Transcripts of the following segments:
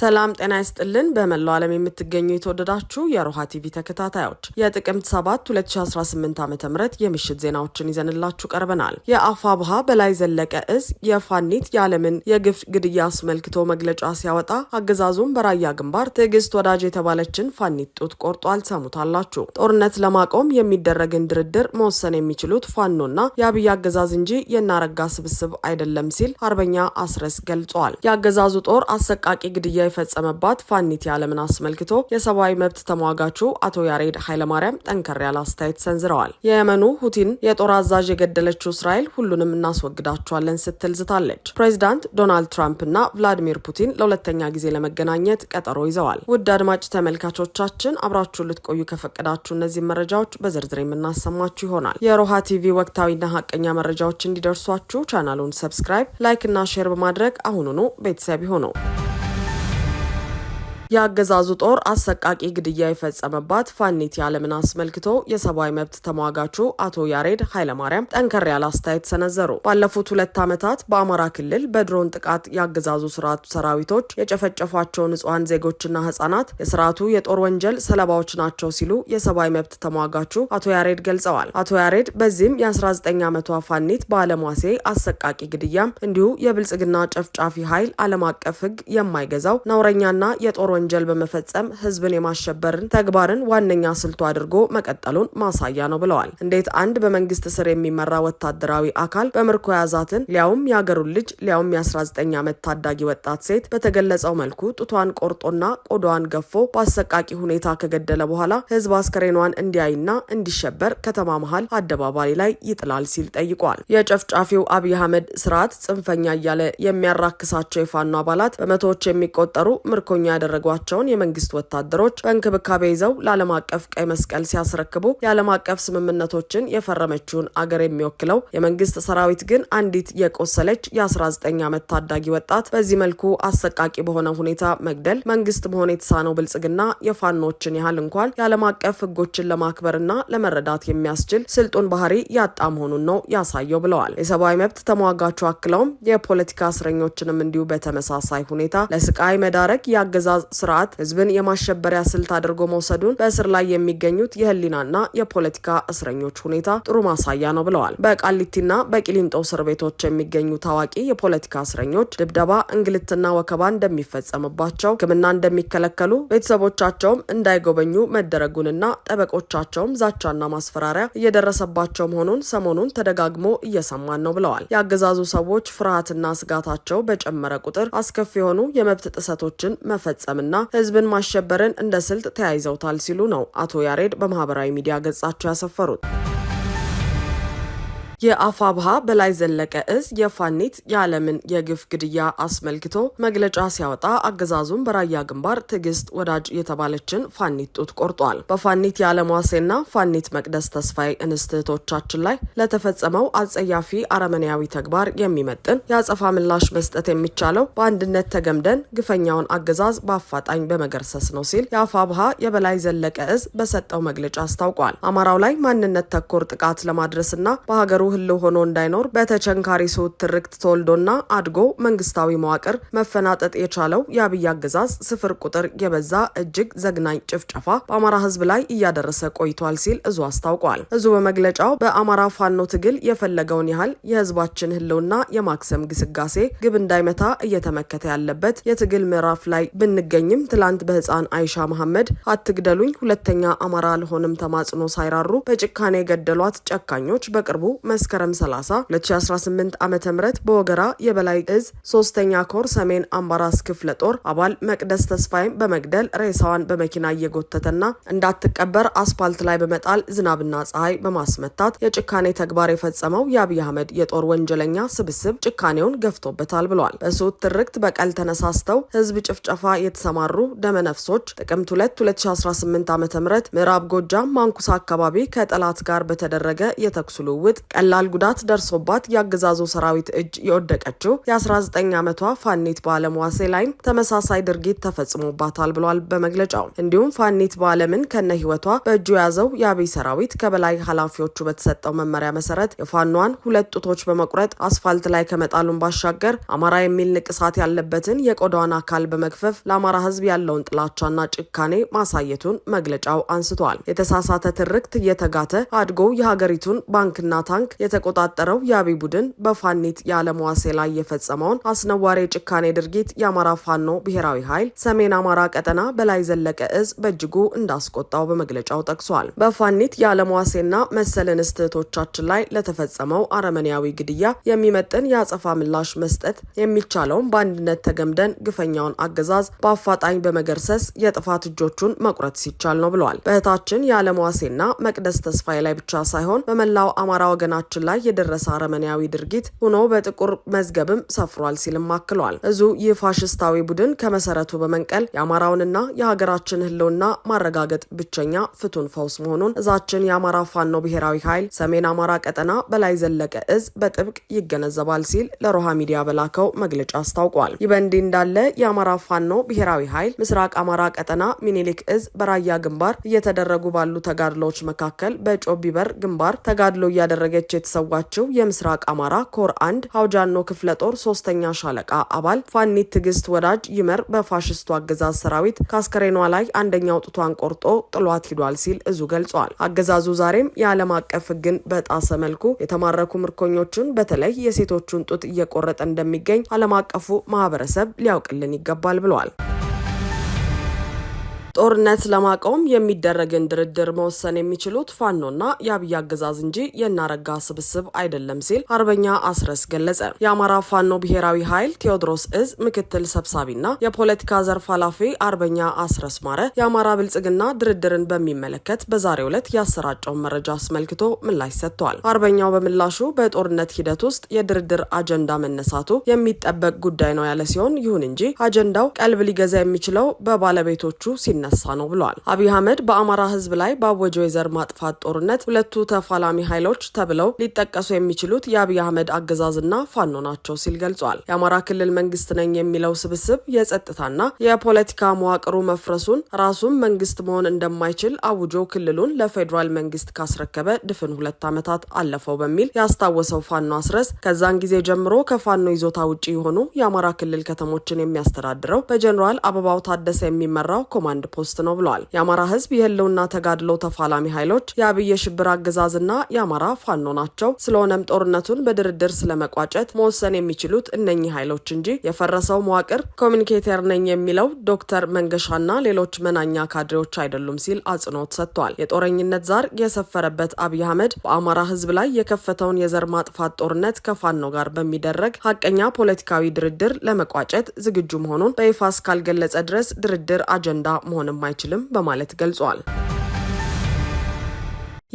ሰላም ጤና ይስጥልን። በመላው ዓለም የምትገኙ የተወደዳችሁ የሮሃ ቲቪ ተከታታዮች የጥቅምት 7 2018 ዓ ም የምሽት ዜናዎችን ይዘንላችሁ ቀርበናል። የአፋብሃ በላይ ዘለቀ እዝ የፋኒት የዓለምን የግፍ ግድያ አስመልክቶ መግለጫ ሲያወጣ አገዛዙም በራያ ግንባር ትዕግስት ወዳጅ የተባለችን ፋኒት ጡት ቆርጦ አልሰሙታላችሁ። ጦርነት ለማቆም የሚደረግን ድርድር መወሰን የሚችሉት ፋኖና የአብይ አገዛዝ እንጂ የናረጋ ስብስብ አይደለም ሲል አርበኛ አስረስ ገልጿል። የአገዛዙ ጦር አሰቃቂ ግድያ የተፈጸመባት ፋኒቲ አለምን አስመልክቶ የሰብአዊ መብት ተሟጋቹ አቶ ያሬድ ኃይለማርያም ጠንከር ያለ አስተያየት ሰንዝረዋል። የየመኑ ሁቲን የጦር አዛዥ የገደለችው እስራኤል ሁሉንም እናስወግዳቸዋለን ስትል ዝታለች። ፕሬዚዳንት ዶናልድ ትራምፕ እና ቭላዲሚር ፑቲን ለሁለተኛ ጊዜ ለመገናኘት ቀጠሮ ይዘዋል። ውድ አድማጭ ተመልካቾቻችን አብራችሁን ልትቆዩ ከፈቀዳችሁ እነዚህ መረጃዎች በዝርዝር የምናሰማችሁ ይሆናል። የሮሃ ቲቪ ወቅታዊና ሀቀኛ መረጃዎች እንዲደርሷችሁ ቻናሉን ሰብስክራይብ፣ ላይክ እና ሼር በማድረግ አሁኑኑ ቤተሰብ ይሁኑ። የአገዛዙ ጦር አሰቃቂ ግድያ የፈጸመባት ፋኒት አለምን አስመልክቶ የሰብአዊ መብት ተሟጋቹ አቶ ያሬድ ኃይለማርያም ጠንከር ያለ አስተያየት ሰነዘሩ። ባለፉት ሁለት ዓመታት በአማራ ክልል በድሮን ጥቃት የአገዛዙ ስርዓቱ ሰራዊቶች የጨፈጨፏቸው ንጹሐን ዜጎችና ህጻናት የስርዓቱ የጦር ወንጀል ሰለባዎች ናቸው ሲሉ የሰብአዊ መብት ተሟጋቹ አቶ ያሬድ ገልጸዋል። አቶ ያሬድ በዚህም የ19 ዓመቷ ፋኒት በአለሟሴ አሰቃቂ ግድያም እንዲሁ የብልጽግና ጨፍጫፊ ኃይል ዓለም አቀፍ ህግ የማይገዛው ነውረኛና የጦር ወንጀል በመፈጸም ህዝብን የማሸበርን ተግባርን ዋነኛ ስልቱ አድርጎ መቀጠሉን ማሳያ ነው ብለዋል። እንዴት አንድ በመንግስት ስር የሚመራ ወታደራዊ አካል በምርኮ ያዛትን ሊያውም የአገሩን ልጅ ሊያውም የ19 ዓመት ታዳጊ ወጣት ሴት በተገለጸው መልኩ ጡቷን ቆርጦና ቆዳዋን ገፎ በአሰቃቂ ሁኔታ ከገደለ በኋላ ህዝብ አስከሬኗን እንዲያይና እንዲሸበር ከተማ መሀል አደባባይ ላይ ይጥላል ሲል ጠይቋል። የጨፍጫፊው አብይ አህመድ ስርዓት ጽንፈኛ እያለ የሚያራክሳቸው የፋኖ አባላት በመቶዎች የሚቆጠሩ ምርኮኛ ያደረገ ያደረጓቸውን የመንግስት ወታደሮች በእንክብካቤ ይዘው ለዓለም አቀፍ ቀይ መስቀል ሲያስረክቡ የዓለም አቀፍ ስምምነቶችን የፈረመችውን አገር የሚወክለው የመንግስት ሰራዊት ግን አንዲት የቆሰለች የ19 ዓመት ታዳጊ ወጣት በዚህ መልኩ አሰቃቂ በሆነ ሁኔታ መግደል መንግስት መሆን የተሳነው ብልጽግና የፋኖችን ያህል እንኳን የዓለም አቀፍ ህጎችን ለማክበርና ለመረዳት የሚያስችል ስልጡን ባህሪ ያጣ መሆኑን ነው ያሳየው ብለዋል። የሰብአዊ መብት ተሟጋቹ አክለውም የፖለቲካ እስረኞችንም እንዲሁ በተመሳሳይ ሁኔታ ለስቃይ መዳረግ የአገዛዝ ስርዓት ህዝብን የማሸበሪያ ስልት አድርጎ መውሰዱን በእስር ላይ የሚገኙት የህሊናና የፖለቲካ እስረኞች ሁኔታ ጥሩ ማሳያ ነው ብለዋል። በቃሊቲና በቂሊንጦ እስር ቤቶች የሚገኙ ታዋቂ የፖለቲካ እስረኞች ድብደባ፣ እንግልትና ወከባ እንደሚፈጸምባቸው፣ ህክምና እንደሚከለከሉ፣ ቤተሰቦቻቸውም እንዳይጎበኙ መደረጉንና ጠበቆቻቸውም ዛቻና ማስፈራሪያ እየደረሰባቸው መሆኑን ሰሞኑን ተደጋግሞ እየሰማን ነው ብለዋል። የአገዛዙ ሰዎች ፍርሃትና ስጋታቸው በጨመረ ቁጥር አስከፊ የሆኑ የመብት ጥሰቶችን መፈጸም መቃወምና ህዝብን ማሸበርን እንደ ስልት ተያይዘውታል ሲሉ ነው አቶ ያሬድ በማህበራዊ ሚዲያ ገጻቸው ያሰፈሩት። የአፋብሃ በላይ ዘለቀ እዝ የፋኒት የዓለምን የግፍ ግድያ አስመልክቶ መግለጫ ሲያወጣ አገዛዙን በራያ ግንባር ትዕግስት ወዳጅ የተባለችን ፋኒት ጡት ቆርጧል። በፋኒት የዓለም ዋሴና ፋኒት መቅደስ ተስፋዬ እንስትህቶቻችን ላይ ለተፈጸመው አጸያፊ አረመኔያዊ ተግባር የሚመጥን የአጸፋ ምላሽ መስጠት የሚቻለው በአንድነት ተገምደን ግፈኛውን አገዛዝ በአፋጣኝ በመገርሰስ ነው ሲል የአፋብሃ የበላይ ዘለቀ እዝ በሰጠው መግለጫ አስታውቋል። አማራው ላይ ማንነት ተኮር ጥቃት ለማድረስና በሀገሩ ህልው ሆኖ እንዳይኖር በተቸንካሪ ስሁት ትርክት ተወልዶና አድጎ መንግስታዊ መዋቅር መፈናጠጥ የቻለው የአብይ አገዛዝ ስፍር ቁጥር የበዛ እጅግ ዘግናኝ ጭፍጨፋ በአማራ ህዝብ ላይ እያደረሰ ቆይቷል ሲል እዙ አስታውቋል። እዙ በመግለጫው በአማራ ፋኖ ትግል የፈለገውን ያህል የህዝባችን ህልውና የማክሰም ግስጋሴ ግብ እንዳይመታ እየተመከተ ያለበት የትግል ምዕራፍ ላይ ብንገኝም ትላንት በህፃን አይሻ መሐመድ አትግደሉኝ ሁለተኛ አማራ አልሆንም ተማጽኖ ሳይራሩ በጭካኔ የገደሏት ጨካኞች በቅርቡ መስ መስከረም 30 2018 ዓ ም በወገራ የበላይ እዝ ሶስተኛ ኮር ሰሜን አምባራስ ክፍለ ጦር አባል መቅደስ ተስፋይም በመግደል ሬሳዋን በመኪና እየጎተተና እንዳትቀበር አስፓልት ላይ በመጣል ዝናብና ፀሐይ በማስመታት የጭካኔ ተግባር የፈጸመው የአብይ አህመድ የጦር ወንጀለኛ ስብስብ ጭካኔውን ገፍቶበታል ብለዋል። በሱት ትርክት በቀል ተነሳስተው ህዝብ ጭፍጨፋ የተሰማሩ ደመነፍሶች ጥቅምት 2 2018 ዓ ም ምዕራብ ጎጃም ማንኩሳ አካባቢ ከጠላት ጋር በተደረገ የተኩስ ልውውጥ ቀላ ቀላል ጉዳት ደርሶባት የአገዛዙ ሰራዊት እጅ የወደቀችው የ19 ዓመቷ ፋኒት በአለም ዋሴ ላይም ተመሳሳይ ድርጊት ተፈጽሞባታል ብሏል በመግለጫው። እንዲሁም ፋኒት በአለምን ከነ ህይወቷ በእጁ የያዘው የአብይ ሰራዊት ከበላይ ኃላፊዎቹ በተሰጠው መመሪያ መሰረት የፋኗን ሁለት ጡቶች በመቁረጥ አስፋልት ላይ ከመጣሉን ባሻገር አማራ የሚል ንቅሳት ያለበትን የቆዳዋን አካል በመክፈፍ ለአማራ ህዝብ ያለውን ጥላቻና ጭካኔ ማሳየቱን መግለጫው አንስቷል። የተሳሳተ ትርክት እየተጋተ አድጎ የሀገሪቱን ባንክና ታንክ የተቆጣጠረው የአብይ ቡድን በፋኒት የአለመዋሴ ላይ የፈጸመውን አስነዋሪ ጭካኔ ድርጊት የአማራ ፋኖ ብሔራዊ ኃይል ሰሜን አማራ ቀጠና በላይ ዘለቀ እዝ በእጅጉ እንዳስቆጣው በመግለጫው ጠቅሷል። በፋኒት የአለመዋሴና መሰልን እስትህቶቻችን ላይ ለተፈጸመው አረመኔያዊ ግድያ የሚመጥን የአጸፋ ምላሽ መስጠት የሚቻለውን በአንድነት ተገምደን ግፈኛውን አገዛዝ በአፋጣኝ በመገርሰስ የጥፋት እጆቹን መቁረጥ ሲቻል ነው ብለዋል። በእህታችን የአለመዋሴና መቅደስ ተስፋዬ ላይ ብቻ ሳይሆን በመላው አማራ ወገናችን በህዝባችን ላይ የደረሰ አረመኔያዊ ድርጊት ሆኖ በጥቁር መዝገብም ሰፍሯል ሲልም አክሏል። እዙ ይህ ፋሽስታዊ ቡድን ከመሰረቱ በመንቀል የአማራውንና የሀገራችን ህልውና ማረጋገጥ ብቸኛ ፍቱን ፈውስ መሆኑን እዛችን የአማራ ፋኖ ብሔራዊ ኃይል ሰሜን አማራ ቀጠና በላይ ዘለቀ እዝ በጥብቅ ይገነዘባል ሲል ለሮሃ ሚዲያ በላከው መግለጫ አስታውቋል። ይህ በእንዲህ እንዳለ የአማራ ፋኖ ብሔራዊ ኃይል ምስራቅ አማራ ቀጠና ሚኒሊክ እዝ በራያ ግንባር እየተደረጉ ባሉ ተጋድሎዎች መካከል በጮቢበር ግንባር ተጋድሎ እያደረገች የተሰዋቸው የምስራቅ አማራ ኮር አንድ አውጃኖ ክፍለ ጦር ሶስተኛ ሻለቃ አባል ፋኒት ትዕግስት ወዳጅ ይመር በፋሽስቱ አገዛዝ ሰራዊት ከአስከሬኗ ላይ አንደኛው ጡቷን ቆርጦ ጥሏት ሂዷል ሲል እዙ ገልጿል። አገዛዙ ዛሬም የዓለም አቀፍ ሕግን በጣሰ መልኩ የተማረኩ ምርኮኞችን በተለይ የሴቶቹን ጡት እየቆረጠ እንደሚገኝ ዓለም አቀፉ ማህበረሰብ ሊያውቅልን ይገባል ብሏል። ጦርነት ለማቆም የሚደረግን ድርድር መወሰን የሚችሉት ፋኖና የአብይ አገዛዝ እንጂ የናረጋ ስብስብ አይደለም ሲል አርበኛ አስረስ ገለጸ። የአማራ ፋኖ ብሔራዊ ኃይል ቴዎድሮስ እዝ ምክትል ሰብሳቢና የፖለቲካ ዘርፍ ኃላፊ አርበኛ አስረስ ማረ የአማራ ብልጽግና ድርድርን በሚመለከት በዛሬው ዕለት ያሰራጨውን መረጃ አስመልክቶ ምላሽ ሰጥቷል። አርበኛው በምላሹ በጦርነት ሂደት ውስጥ የድርድር አጀንዳ መነሳቱ የሚጠበቅ ጉዳይ ነው ያለ ሲሆን፣ ይሁን እንጂ አጀንዳው ቀልብ ሊገዛ የሚችለው በባለቤቶቹ ሲና የሚነሳ ነው ብለዋል። አብይ አህመድ በአማራ ህዝብ ላይ ባወጀው የዘር ማጥፋት ጦርነት ሁለቱ ተፋላሚ ኃይሎች ተብለው ሊጠቀሱ የሚችሉት የአብይ አህመድ አገዛዝና ፋኖ ናቸው ሲል ገልጿል። የአማራ ክልል መንግስት ነኝ የሚለው ስብስብ የጸጥታና የፖለቲካ መዋቅሩ መፍረሱን ራሱም መንግስት መሆን እንደማይችል አውጆ ክልሉን ለፌዴራል መንግስት ካስረከበ ድፍን ሁለት ዓመታት አለፈው በሚል ያስታወሰው ፋኖ አስረስ ከዛን ጊዜ ጀምሮ ከፋኖ ይዞታ ውጭ የሆኑ የአማራ ክልል ከተሞችን የሚያስተዳድረው በጀኔራል አበባው ታደሰ የሚመራው ኮማንድ ፖስት ነው ብሏል። የአማራ ህዝብ የህልውና ተጋድሎ ተፋላሚ ኃይሎች የአብይ የሽብር አገዛዝና የአማራ ፋኖ ናቸው። ስለሆነም ጦርነቱን በድርድር ስለመቋጨት መወሰን የሚችሉት እነኚህ ኃይሎች እንጂ የፈረሰው መዋቅር ኮሚኒኬተር ነኝ የሚለው ዶክተር መንገሻና ሌሎች መናኛ ካድሬዎች አይደሉም ሲል አጽንኦት ሰጥቷል። የጦረኝነት ዛር የሰፈረበት አብይ አህመድ በአማራ ህዝብ ላይ የከፈተውን የዘር ማጥፋት ጦርነት ከፋኖ ጋር በሚደረግ ሀቀኛ ፖለቲካዊ ድርድር ለመቋጨት ዝግጁ መሆኑን በይፋ እስካልገለጸ ድረስ ድርድር አጀንዳ መሆ ሊሆንም አይችልም በማለት ገልጿል።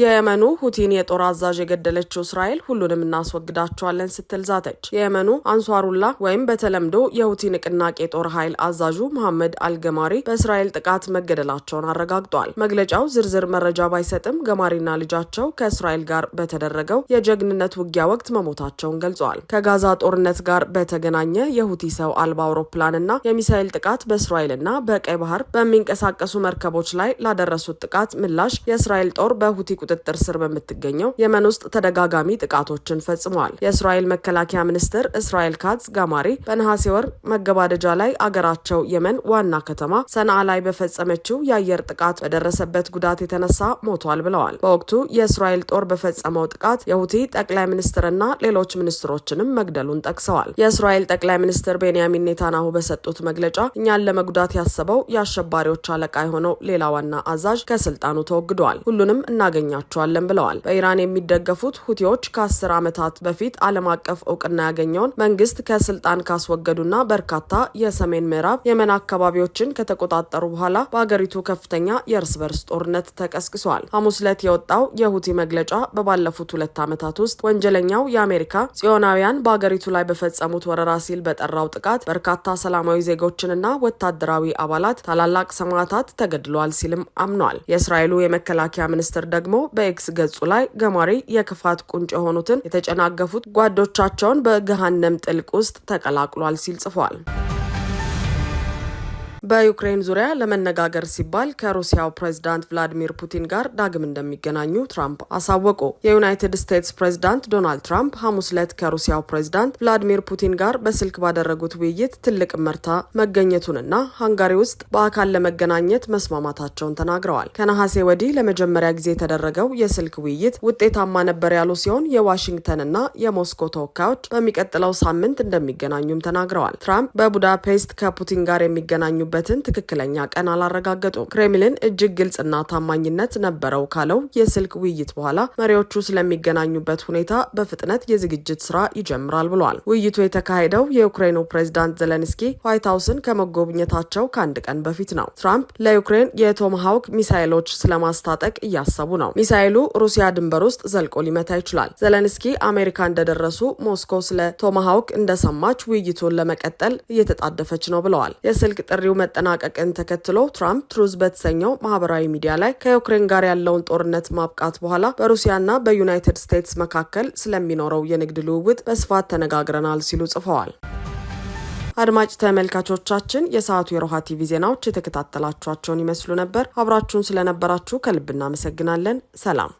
የየመኑ ሁቲን የጦር አዛዥ የገደለችው እስራኤል ሁሉንም እናስወግዳቸዋለን ስትል ዛተች። የየመኑ አንሷሩላ ወይም በተለምዶ የሁቲ ንቅናቄ የጦር ኃይል አዛዡ መሐመድ አልገማሪ በእስራኤል ጥቃት መገደላቸውን አረጋግጧል። መግለጫው ዝርዝር መረጃ ባይሰጥም ገማሪና ልጃቸው ከእስራኤል ጋር በተደረገው የጀግንነት ውጊያ ወቅት መሞታቸውን ገልጿል። ከጋዛ ጦርነት ጋር በተገናኘ የሁቲ ሰው አልባ አውሮፕላንና የሚሳኤል ጥቃት በእስራኤልና በቀይ ባህር በሚንቀሳቀሱ መርከቦች ላይ ላደረሱት ጥቃት ምላሽ የእስራኤል ጦር በሁቲ ቁጥጥር ስር በምትገኘው የመን ውስጥ ተደጋጋሚ ጥቃቶችን ፈጽመዋል። የእስራኤል መከላከያ ሚኒስትር እስራኤል ካዝ ጋማሪ በነሐሴ ወር መገባደጃ ላይ አገራቸው የመን ዋና ከተማ ሰንዓ ላይ በፈጸመችው የአየር ጥቃት በደረሰበት ጉዳት የተነሳ ሞቷል ብለዋል። በወቅቱ የእስራኤል ጦር በፈጸመው ጥቃት የሁቲ ጠቅላይ ሚኒስትርና ሌሎች ሚኒስትሮችንም መግደሉን ጠቅሰዋል። የእስራኤል ጠቅላይ ሚኒስትር ቤንያሚን ኔታናሁ በሰጡት መግለጫ እኛን ለመጉዳት ያሰበው የአሸባሪዎች አለቃ የሆነው ሌላ ዋና አዛዥ ከስልጣኑ ተወግደዋል። ሁሉንም እናገኛ እናገኛቸዋለን ብለዋል። በኢራን የሚደገፉት ሁቲዎች ከአስር ዓመታት በፊት ዓለም አቀፍ እውቅና ያገኘውን መንግስት ከስልጣን ካስወገዱና በርካታ የሰሜን ምዕራብ የመን አካባቢዎችን ከተቆጣጠሩ በኋላ በአገሪቱ ከፍተኛ የእርስ በርስ ጦርነት ተቀስቅሷል። ሐሙስ ዕለት የወጣው የሁቲ መግለጫ በባለፉት ሁለት ዓመታት ውስጥ ወንጀለኛው የአሜሪካ ጽዮናውያን በአገሪቱ ላይ በፈጸሙት ወረራ ሲል በጠራው ጥቃት በርካታ ሰላማዊ ዜጎችንና ወታደራዊ አባላት ታላላቅ ሰማዕታት ተገድሏል ሲልም አምኗል። የእስራኤሉ የመከላከያ ሚኒስትር ደግሞ በኤክስ ገጹ ላይ ገማሪ የክፋት ቁንጭ የሆኑትን የተጨናገፉት ጓዶቻቸውን በገሃነም ጥልቅ ውስጥ ተቀላቅሏል ሲል ጽፏል። በዩክሬን ዙሪያ ለመነጋገር ሲባል ከሩሲያው ፕሬዚዳንት ቭላዲሚር ፑቲን ጋር ዳግም እንደሚገናኙ ትራምፕ አሳወቁ። የዩናይትድ ስቴትስ ፕሬዚዳንት ዶናልድ ትራምፕ ሐሙስ ዕለት ከሩሲያው ፕሬዚዳንት ቭላዲሚር ፑቲን ጋር በስልክ ባደረጉት ውይይት ትልቅ መርታ መገኘቱንና ሃንጋሪ ውስጥ በአካል ለመገናኘት መስማማታቸውን ተናግረዋል። ከነሐሴ ወዲህ ለመጀመሪያ ጊዜ የተደረገው የስልክ ውይይት ውጤታማ ነበር ያሉ ሲሆን የዋሽንግተንና የሞስኮ ተወካዮች በሚቀጥለው ሳምንት እንደሚገናኙም ተናግረዋል። ትራምፕ በቡዳፔስት ከፑቲን ጋር የሚገናኙ የተገኙበትን ትክክለኛ ቀን አላረጋገጡም። ክሬምሊን እጅግ ግልጽና ታማኝነት ነበረው ካለው የስልክ ውይይት በኋላ መሪዎቹ ስለሚገናኙበት ሁኔታ በፍጥነት የዝግጅት ስራ ይጀምራል ብሏል። ውይይቱ የተካሄደው የዩክሬኑ ፕሬዚዳንት ዘለንስኪ ዋይት ሀውስን ከመጎብኘታቸው ከአንድ ቀን በፊት ነው። ትራምፕ ለዩክሬን የቶማሃውክ ሚሳይሎች ስለማስታጠቅ እያሰቡ ነው። ሚሳይሉ ሩሲያ ድንበር ውስጥ ዘልቆ ሊመታ ይችላል። ዘለንስኪ አሜሪካ እንደደረሱ ሞስኮ ስለ ቶማሃውክ እንደሰማች ውይይቱን ለመቀጠል እየተጣደፈች ነው ብለዋል። የስልክ ጥሪው መጠናቀቅን ተከትሎ ትራምፕ ትሩዝ በተሰኘው ማህበራዊ ሚዲያ ላይ ከዩክሬን ጋር ያለውን ጦርነት ማብቃት በኋላ በሩሲያና በዩናይትድ ስቴትስ መካከል ስለሚኖረው የንግድ ልውውጥ በስፋት ተነጋግረናል ሲሉ ጽፈዋል። አድማጭ ተመልካቾቻችን የሰዓቱ የሮሃ ቲቪ ዜናዎች የተከታተላችኋቸውን ይመስሉ ነበር። አብራችሁን ስለነበራችሁ ከልብ እናመሰግናለን። ሰላም